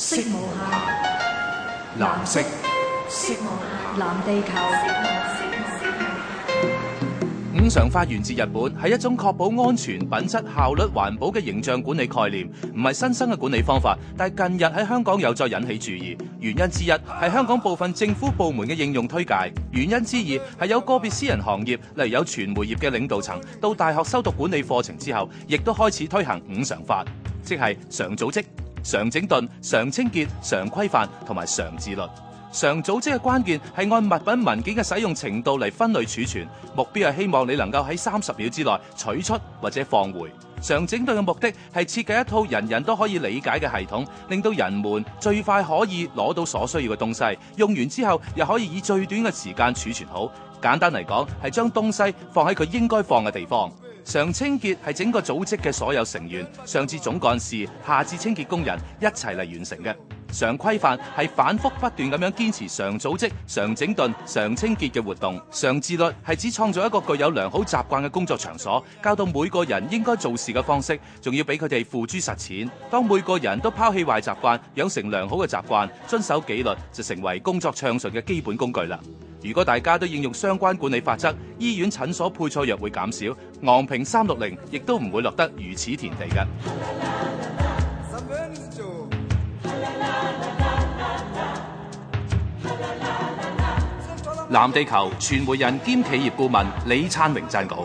色無限，藍色，色無限，藍地球。五常法源自日本，係一種確保安全、品質、效率、環保嘅形象管理概念，唔係新生嘅管理方法。但係近日喺香港有再引起注意，原因之一係香港部分政府部門嘅應用推介，原因之二係有個別私人行業，例如有傳媒業嘅領導層，到大學修讀管理課程之後，亦都開始推行五常法，即係常組織。常整頓、常清潔、常規範同埋常自律。常組織嘅關鍵係按物品文件嘅使用程度嚟分類儲存，目標係希望你能夠喺三十秒之內取出或者放回。常整頓嘅目的係設計一套人人都可以理解嘅系統，令到人們最快可以攞到所需要嘅東西，用完之後又可以以最短嘅時間儲存好。簡單嚟講，係將東西放喺佢應該放嘅地方。常清潔係整個組織嘅所有成員，上至總幹事，下至清潔工人一齊嚟完成嘅。常規範係反復不斷咁樣堅持常組織、常整頓、常清潔嘅活動。常自律係指創造一個具有良好習慣嘅工作場所，教導每個人應該做事嘅方式，仲要俾佢哋付諸實踐。當每個人都拋棄壞習慣，養成良好嘅習慣，遵守紀律，就成為工作暢順嘅基本工具啦。如果大家都應用相關管理法則，醫院診所配錯藥會減少，昂平三六零亦都唔會落得如此田地㗎。藍 地球傳媒人兼企業顧問李燦榮撰稿。